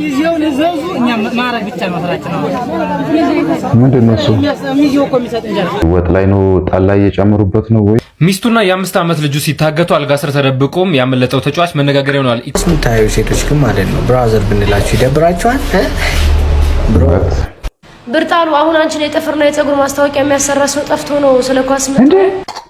ሚዜውን እዘዙ። ወጥ ላይ ነው። ጣል እየጨመሩበት ነው ወይ? ሚስቱና የአምስት ዓመት ልጁ ሲታገቱ አልጋ ስር ተደብቆም ያመለጠው ተጫዋች መነጋገር ሆኗል። ስንታዩ ሴቶች ግን ማለት ነው ብራዘር ብንላችሁ ይደብራችኋል። ብርጣሉ አሁን አንቺን የጥፍርና የፀጉር ማስታወቂያ የሚያሰራ ሰው ጠፍቶ ነው ስለ ኳስ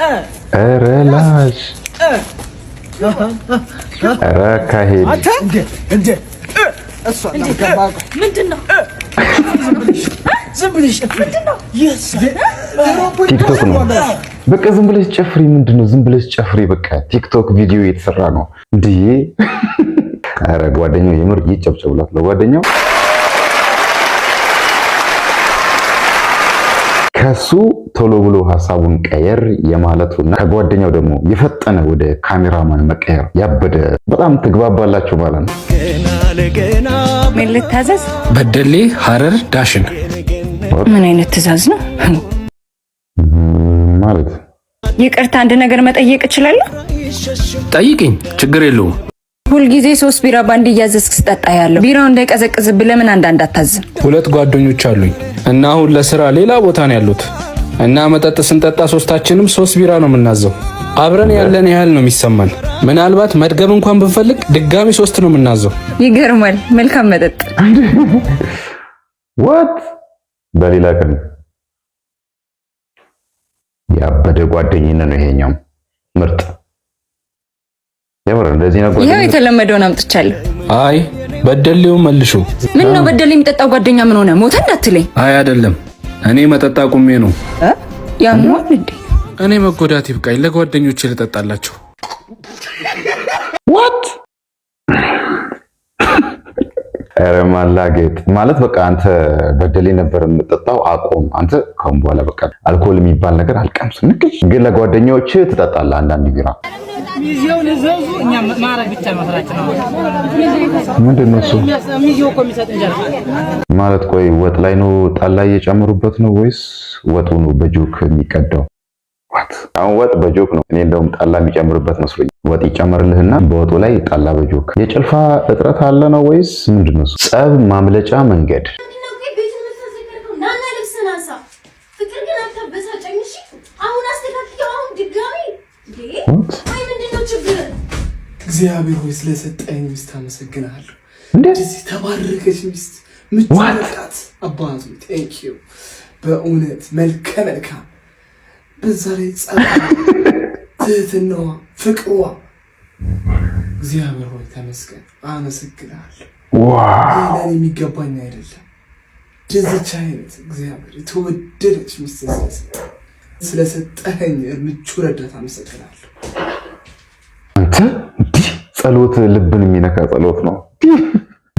ኧረ ላሽ ኧረ አካሄድ ቲክቶክ ነው በቃ ዝም ብለሽ ጨፍሪ። ምንድን ነው ዝም ብለሽ ጨፍሪ። በቃ ቲክቶክ ቪዲዮ የተሰራ ነው እንዴ? ኧረ ጓደኛው የምር ይጨብጨብላት ለጓደኛው ከሱ ቶሎ ብሎ ሀሳቡን ቀየር እና ከጓደኛው ደግሞ የፈጠነ ወደ ካሜራማን መቀየር ያበደ በጣም ትግባባላችሁ ማለት ነው። ምን ልታዘዝ? በደሌ ሀረር ዳሽን። ምን አይነት ትዕዛዝ ነው ማለት? ይቅርታ አንድ ነገር መጠየቅ እችላለሁ? ጠይቅኝ፣ ችግር የለውም። ሁልጊዜ ሶስት ቢራ ባንድ እያዘዝክ ስጠጣ ያለው ቢራው እንዳይቀዘቅዝብ ለምን አንዳንድ አታዝም? ሁለት ጓደኞች አሉኝ እና አሁን ለስራ ሌላ ቦታ ነው ያሉት እና መጠጥ ስንጠጣ ሶስታችንም ሶስት ቢራ ነው የምናዘው። አብረን ያለን ያህል ነው የሚሰማን። ምናልባት መድገም እንኳን ብንፈልግ ድጋሚ ሶስት ነው የምናዘው። ይገርማል። መልካም መጠጥ ወት በሌላ ቀን ያበደ ጓደኝነት ነው ይሄኛው ምርጥ ይኸው የተለመደውን አምጥቻለሁ። አይ በደሌው መልሾ ምን ነው በደሌ የሚጠጣው ጓደኛ ምን ሆነ ሞተ እንዳትለኝ። አይ አይደለም፣ እኔ መጠጣ ቁሜ ነው ያምሆን እንዴ? እኔ መጎዳት ይብቃኝ፣ ለጓደኞቼ ልጠጣላቸው። ዋት ኧረ ማላጌጥ ማለት በቃ አንተ በደሌ ነበር የምጠጣው፣ አቆም አንተ ከም በኋላ በቃ አልኮል የሚባል ነገር አልቀምስ ንቅል። ግን ለጓደኛዎች ትጠጣለህ አንዳንድ ቢራ ምንድን ነው እሱ ማለት? ቆይ ወጥ ላይ ነው ጠላ እየጨመሩበት ነው ወይስ ወጡ ነው በጆክ የሚቀዳው? ዋት አሁን ወጥ በጆክ ነው። እኔ እንደውም ጣላ የሚጨምርበት መስሎኝ ወጥ ይጨመርልህና በወጡ ላይ ጣላ በጆክ የጭልፋ እጥረት አለ ነው ወይስ ምንድን ነው? ጸብ ማምለጫ መንገድ እግዚአብሔር ሆይ ስለሰጠኝ ሚስት አመሰግናለሁ። እንደዚህ ተባረከች ሚስት ምትዋጣት አባቱ ቴንኪዩ በእውነት መልከ መልካም በዛ ላይ ትህትናዋ፣ ፍቅሯ እግዚአብሔር ሆይ ተመስገን፣ አመሰግናለሁ። ሌላን የሚገባኝ አይደለም። ደዝቻ አይነት እግዚአብሔር የተወደደች ሚስት ስለሰጠኸኝ ምቹ ረዳት አመሰግናለሁ። አንተ እንዲህ ጸሎት ልብን የሚነካ ጸሎት ነው።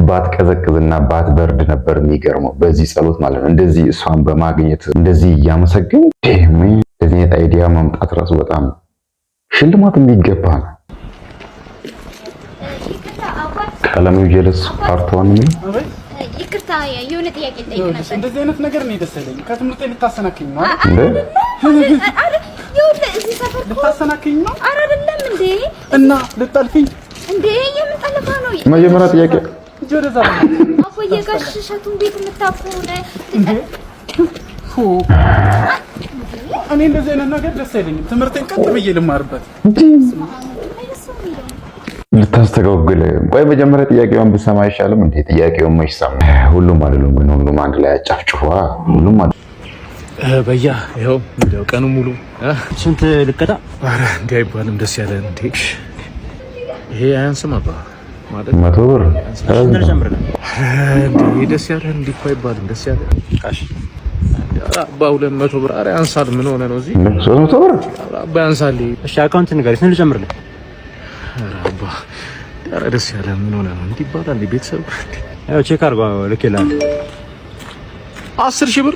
ባትቀዘቅዝና ባትበርድ ነበር የሚገርመው በዚህ ጸሎት ማለት ነው። እንደዚህ እሷን በማግኘት እንደዚህ እያመሰግን እንደዚህ አይነት አይዲያ መምጣት ራሱ በጣም ሽልማት የሚገባ ነው። ቀለም ጀለስ ፓርቷን ይቅርታ የሆነ ጥያቄ ጠይቅ ነበር። እንደዚህ አይነት ነገር ነው የደሰለኝ። ከትምህርት ልታሰናክኝ ነው? እዚህ ልታሰናክኝ ነው? ኧረ አይደለም እንዴ! እና ልጠልፍኝ እንዴ? የምንጠልፋ ነው መጀመሪያ ጥያቄ እጅ ወደዛ አፎ የጋሽ እሸቱን ቤት የምታውቀው እኔ እንደዚህ አይነት ነገር ደስ አይለኝም። ትምህርቴን ቀጥ ብዬ ልማርበት። ልታስተጋግል ቆይ፣ መጀመሪያ ጥያቄውን ብሰማ አይሻልም እንዴ? ጥያቄውን መች ሁሉም አይደሉም ግን ሁሉም አንድ ላይ አጫፍጭፏ። ሁሉም አይደሉም በያ ይኸው እንዲያው ቀኑ ሙሉ ስንት ልቀጣ? ኧረ እንዲህ አይባልም። ደስ ያለ እንዴ ይሄ አያንስም አባ መቶ ብር ደስ ያለ እንዲህ እኮ አይባልም። ደስ ያለ በሁለት መቶ ብር ኧረ ያንሳል። ምን ሆነ ነው እዚህ ሦስት መቶ ብር ያንሳል። እሺ አካውንት ንገሪኝ፣ ስንት ልጨምርልህ? ኧረ ደስ ያለ ምን ሆነ ነው እንዲህ ይባላል? ቤተሰብ ያው ቼክ አድርገው ልኬልሀለሁ አስር ሺህ ብር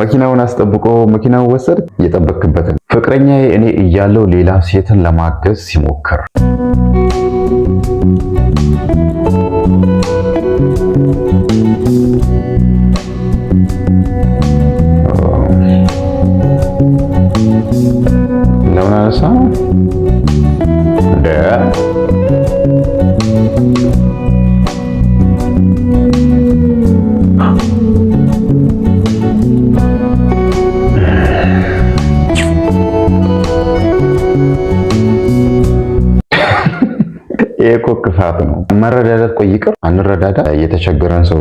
መኪናውን አስጠብቆ መኪናውን ወሰድ እየጠበክበትን ፍቅረኛ እኔ እያለው ሌላ ሴትን ለማገዝ ሲሞክር ለምን አነሳ እንደ ክፋት ነው። መረዳዳት ቆይ አንረዳዳ፣ የተቸገረን ሰው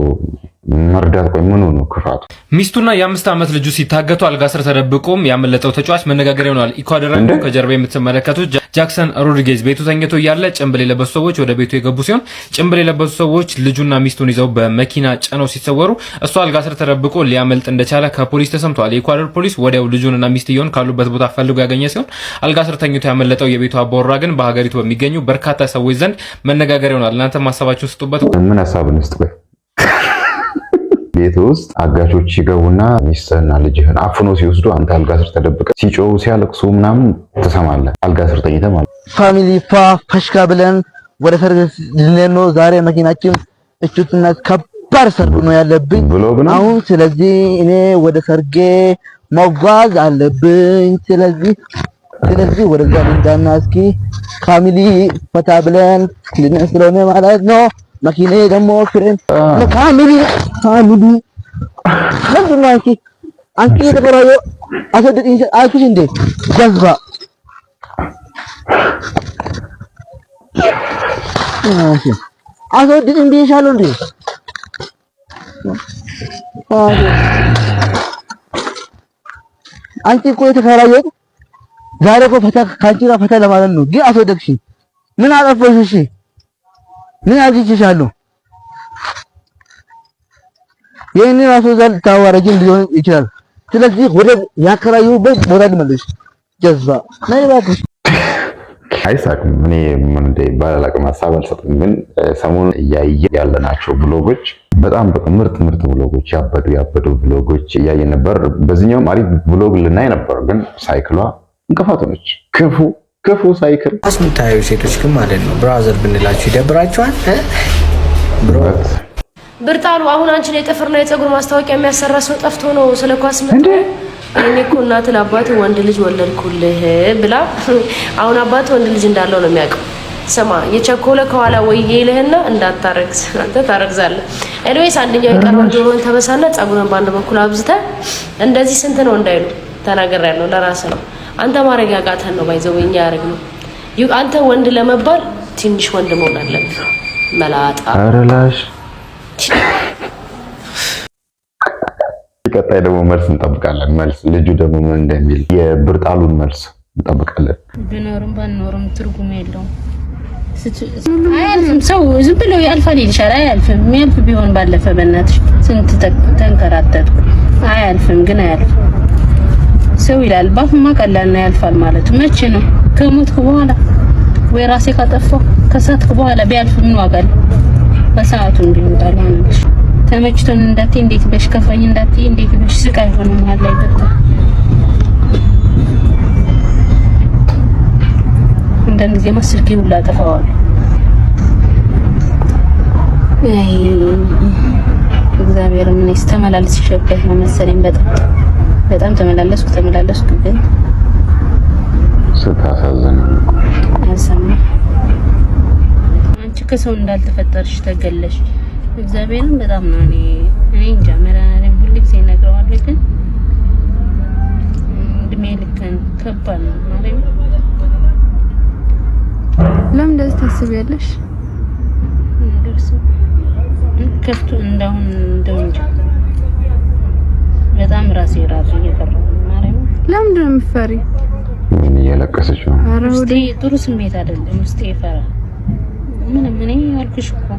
መርዳት ቆይ ምን ሆኖ ክፋቱ ሚስቱና የአምስት ዓመት ልጁ ሲታገቱ አልጋ ስር ተደብቆም ያመለጠው ተጫዋች መነጋገር ይሆናል። ኢኳዶራን ከጀርባ የምትመለከቱት ጃክሰን ሮድሪጌዝ ቤቱ ተኝቶ እያለ ጭንብል የለበሱ ሰዎች ወደ ቤቱ የገቡ ሲሆን ጭንብል የለበሱ ሰዎች ልጁና ሚስቱን ይዘው በመኪና ጭነው ሲሰወሩ እሱ አልጋ ስር ተደብቆ ሊያመልጥ እንደቻለ ከፖሊስ ተሰምተዋል። የኢኳዶር ፖሊስ ወዲያው ልጁንና ሚስትየውን ካሉበት ቦታ ፈልጎ ያገኘ ሲሆን አልጋ ስር ተኝቶ ያመለጠው የቤቱ አባወራ ግን በሀገሪቱ በሚገኙ በርካታ ሰዎች ዘንድ መነጋገር ይሆናል። እናንተ ማሳባችሁን ስጡበት። ምን ሀሳብ ስጥ ቤት ውስጥ አጋቾች ሲገቡና ሚስትህና ልጅህን አፍኖ ሲወስዱ አንተ አልጋ ስር ተደብቀ ሲጮው ሲያለቅሱ ምናምን ትሰማለህ። አልጋ ስር ተኝተህ ማለት ፋሚሊ ፓ ፈሽካ ብለን ወደ ሰርግ ልንሄድ ነው ዛሬ። መኪናችን እችትና ከባድ ሰርግ ነው ያለብኝ ብሎ አሁን። ስለዚህ እኔ ወደ ሰርጌ መጓዝ አለብኝ። ስለዚህ ስለዚህ ወደዛ ልንዳና እስኪ ፋሚሊ ፈታ ብለን ልንሄድ ስለሆነ ማለት ነው መኪናዬ ደግሞ ክሬም ለካሚሊ ካሚሊ ምንድን ነው አንቺ አንቺ የተበራየው አስወደድኝ አልኩሽ እንዴ ጀዝባ አስወደድኝ ብዬሻለሁ እንዴ አንቺ እኮ የተከራየሁት ዛሬ እኮ ፈታ ከአንቺ ጋር ፈታ ለማለት ነው ግን አስወደድሽኝ ምን አጠፋሽ እሺ ምን አድርጌልሻለሁ? ይህን ራሱ እዛ ልታዋረጂኝ ሊሆን ይችላል። ስለዚህ ወደ ያከራየሁበት ቦታ ልመለስ። ጀዛ ናይ እባክሽ አይሳቅም። እኔ ምን ባላቅም ሀሳብ አልሰጥም፣ ግን ሰሞኑን እያየ ያለናቸው ብሎጎች በጣም ምርጥ ምርጥ ብሎጎች ያበዱ ያበዱ ብሎጎች እያየ ነበር። በዚህኛውም አሪፍ ብሎግ ልናይ ነበር፣ ግን ሳይክሏ እንቅፋት ሆነች ክፉ ክፉ ሳይክል አስምታዩ ሴቶች ግን ማለት ነው ብራዘር ብንላችሁ ይደብራችኋል። ብርጣሉ አሁን አንቺን የጥፍርና የፀጉር ማስታወቂያ የሚያሰራ ሰው ጠፍቶ ነው ስለ ኳስ እኔ እኮ እናት ለአባት ወንድ ልጅ ወለድኩልህ ብላ አሁን አባት ወንድ ልጅ እንዳለው ነው የሚያውቀው። ስማ የቸኮለ ከኋላ ወይዬ ይልህና እንዳታረግዝ አንተ ታረግዛለህ። ኤኒዌይስ አንደኛው የቀረው ጆሮን ተበሳና ፀጉርን በአንድ በኩል አብዝተ እንደዚህ ስንት ነው እንዳይሉ ተናገር ያለው ለራስ ነው አንተ ማድረግ ያቃተን ነው ባይዘው እኛ ያደረግ ነው። አንተ ወንድ ለመባል ትንሽ ወንድ መሆን አለብህ። መላጣ አረላሽ። ቀጣይ ደግሞ መልስ እንጠብቃለን። መልስ ልጁ ደግሞ ምን እንደሚል የብርጣሉን መልስ እንጠብቃለን። ቢኖርም ባኖርም ትርጉም የለውም። አያልፍም። ሰው ዝም ብለው ያልፋል ይልሻል። አያልፍም። የሚያልፍ ቢሆን ባለፈ። በእናትሽ ስንት ተንከራተትኩ። አያልፍም ግን አያልፍም ሰው ይላል። ባፍማ ቀላል ነው ያልፋል ማለት መቼ ነው? ከሞትኩ በኋላ ወይ ራሴ ካጠፋሁ ከሳትኩ በኋላ ቢያልፍ ምን ዋጋ አለው? በሰዓቱ እንዲሆን ማለት ተመችቶን እንዳትይ፣ እንዴት ብለሽ ከፋኝ እንዳትይ፣ እንዴት ብለሽ ስቃይ ሆነ መሀል ላይ ገብታ አንዳንድ ጊዜማ ስልኬ ሁላ አጠፋዋለሁ። አይ እግዚአብሔር ምን ይስተመላል ሲሸበት ነው መሰለኝ በጣም በጣም ተመላለስኩ ተመላለስኩ፣ ግን ስታሳዝን አሰማ አንቺ ከሰው እንዳልተፈጠርሽ ተገለሽ። እግዚአብሔርን በጣም ነው እኔ እኔ እንጃ መድኃኒዓለም ሁሉ ጊዜ እነግረዋለሁ፣ ግን እድሜ ልክን ከባድ ነው ማለት ለምን እንደዚህ ታስቢያለሽ? ከብቱ እንዳሁን እንደው እንጂ በጣም ራሴ ራሱ እየፈራ ነው። ለምንድን ነው የምትፈሪ? እያለቀሰች ነው። ውስጤ ጥሩ ስሜት አይደለም። ውስጤ ይፈራ። ምንም እኔ አልኩሽ እኮ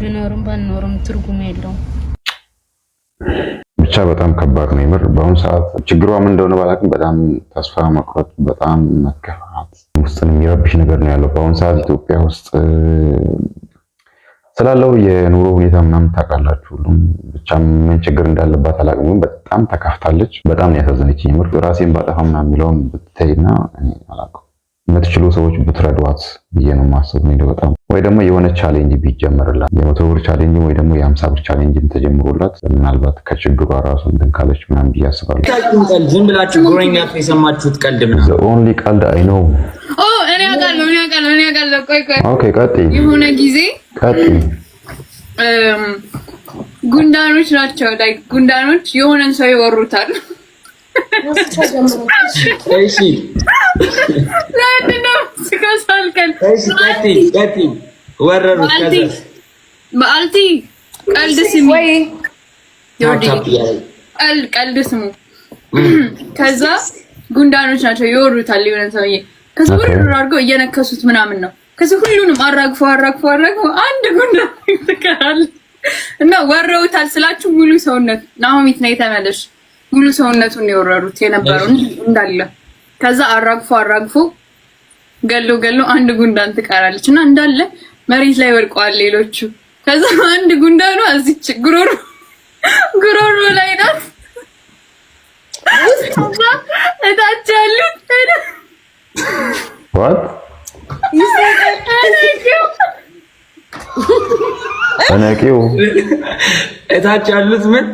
ብኖርም ባኖርም ትርጉም የለውም። ብቻ በጣም ከባድ ነው የምር። በአሁኑ ሰዓት ችግሯ ምን እንደሆነ ባላውቅም በጣም ተስፋ መቁረጥ፣ በጣም መከፋት ውስጥን የሚረብሽ ነገር ነው ያለው በአሁኑ ሰዓት ኢትዮጵያ ውስጥ ስላለው የኑሮ ሁኔታ ምናምን ታውቃላችሁ። ሁሉም ብቻ ምን ችግር እንዳለባት አላውቅም። በጣም ተካፍታለች። በጣም ነው ያሳዘነች። ምር ራሴን ባጠፋ ምናምን የሚለውን እኔ አላውቅም የምትችሉ ሰዎች ብትረዷት ብዬ ነው ማሰብ። በጣም ወይ ደግሞ የሆነ ቻሌንጅ ቢጀመርላት የመቶ ብር ቻሌንጅ ወይ ደግሞ የሀምሳ ብር ቻሌንጅ ተጀምሮላት ምናልባት ከችግሯ ራሱ እንትን ካለች ምናምን ብዬ አስባለሁ። ዝም ብላችሁ ጉረኛ የሰማችሁት ቀልድ ምናምን ኦንሊ ቀልድ አይ ነው። እኔ አውቃለሁ እኔ አውቃለሁ እኔ አውቃለሁ። ቆይ ቆይ ኦኬ፣ ቀጥይ። የሆነ ጊዜ ቀጥይ ጉንዳኖች ናቸው ላይ ጉንዳኖች የሆነን ሰው ይወሩታል። እሺ በአልቲ ቀልድ ስሙ፣ ቀልድ ስሙ። ከዛ ጉንዳኖች ናቸው ይወሩታል የሆነ ሰውዬ። ከዛ ውርር አድርገው እየነከሱት ምናምን ነው። ከዚ ሁሉንም አራግፎ አራግፎ አራግፎ አንድ ጉንዳን ትቀራለህ እና ወረውታል ስላችሁ ሙሉ ሰውነቱ ናሆሚት ነው የተመለሽ ሙሉ ሰውነቱን የወረሩት የነበረው እንዳለ ከዛ አራግፎ አራግፎ ገሎ ገሎ አንድ ጉንዳን ትቀራለች እና እንዳለ መሬት ላይ ወድቀዋል ሌሎቹ። ከዛ አንድ ጉንዳኑ እዚች ጉሮሮ ጉሮሮ ላይ ናት። እታች ያሉት ዋት እታች ያሉት ምን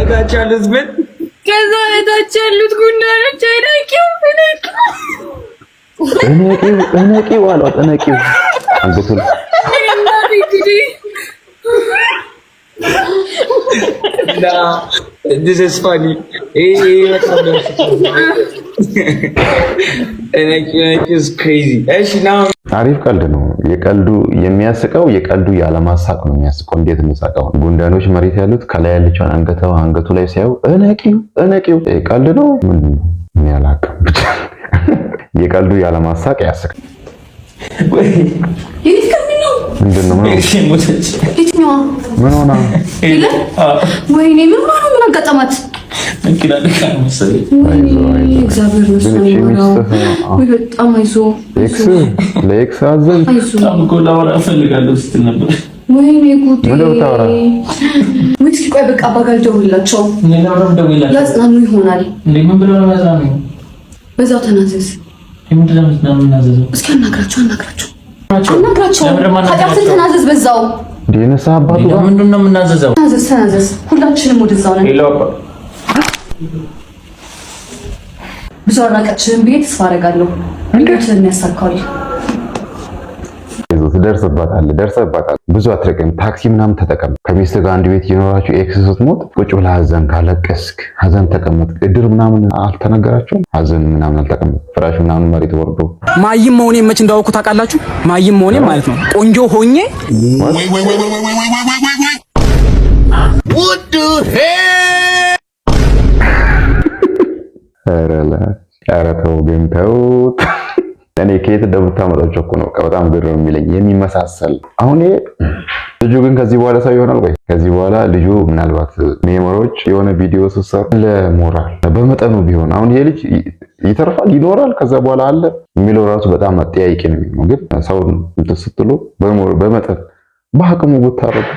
እታች ያሉት ምን ከዛ እታች ያሉት ጉንዳኖች አይናቂው እነቂው አሏት። እነቂው አንገቱን እነቂው አሪፍ ቀልድ ነው። የቀልዱ የሚያስቀው የቀልዱ ያለማሳቅ ነው የሚያስቀው። እንዴት እንሳቀው? ጉንዳኖች መሬት ያሉት ከላይ ያለችውን አንገተው አንገቱ ላይ ሲያዩ እነቂው እነቂው። ቀልድ ነው ምን የሚያላቅ ብቻ የቀልዱ ያለማሳቅ ያስቀ ምንድን ምን ሆና? ወይኔ ምን ምን አጋጠማት? በዛው ተናዘዝ። የምንድነው የምትናዘዘው? እስኪ አናግራቸው አናግራቸው አናግራቸው ተናዘዝ በዛው ዲነሳ አባቱ የምናዘዘው? ተናዘዝ ተናዘዝ ሁላችንም ወደዛው ነን። ብዙ አራቀችህን ቤት ተስፋ አደርጋለሁ። እንዴት የሚያሳካው ደርሰባታለህ ደርሰባታለህ። ብዙ አትርቅም፣ ታክሲ ምናምን ተጠቀም። ከሚስት ጋር አንድ ቤት እየኖራችሁ ኤክስ ስትሞት ቁጭ ብለህ ሀዘን ካለቀስክ ሀዘን ተቀመጥ። እድር ምናምን አልተነገራቸውም። ሀዘን ምናምን አልተቀመጥ። ፍራሽ ምናምን መሬት ወርዶ ማይም መሆኔ መች እንዳወኩ ታውቃላችሁ? ማይም መሆኔ ማለት ነው ቆንጆ ሆኜ What the ኧረ ተው ግን ተው። እኔ ከየት እንደምታመጣቸው እኮ ነው። በጣም ግር ነው የሚለኝ የሚመሳሰል። አሁን ልጁ ግን ከዚህ በኋላ ሰው ይሆናል ወይ? ከዚህ በኋላ ልጁ ምናልባት ሜሞሪዎች የሆነ ቪዲዮ ስሰሩ ለሞራል በመጠኑ ቢሆን አሁን ይሄ ልጅ ይተርፋል ይኖራል፣ ከዛ በኋላ አለ የሚለው ራሱ በጣም አጠያቂ ነው። ግን ሰው ስትሉ በመጠን በአቅሙ ብታረጉ